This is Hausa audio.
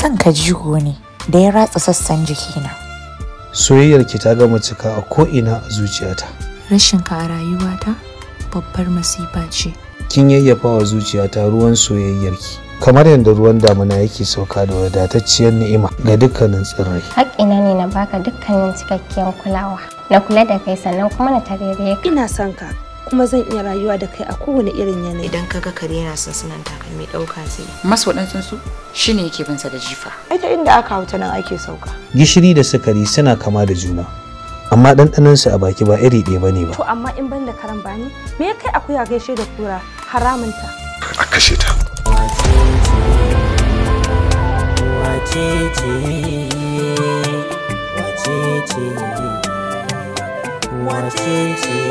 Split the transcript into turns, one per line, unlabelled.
son ka jigo ne da ya ratsa sassan jikina
soyayyar ki ta gama cika a ko'ina a zuciyata
rashin ka a rayuwata babbar masifa ce
kin yayyafa wa zuciyata ruwan soyayyar ki kamar yadda ruwan damuna yake sauka da wadatacciyar ni'ima ga dukkanin tsirrai
haƙƙina ne na baka dukkanin cikakkiyar kulawa na kula da kai sannan kuma na tarere ka ina son ka
kuma zan iya rayuwa da kai a kowane irin yanayi idan kaga kare yana son sunan takalmi ɗauka zai masu waɗansu su shi ne yake binsa da jifa. Ai inda aka hau ta nan ake sauka.
Gishiri da sukari suna kama da juna. Amma ɗanɗanansu a baki ba iri ɗaya bane ba. To
amma in ban da karan bani, me ya kai akuya gaishe da kura haramunta?
A kashe ta. wacece.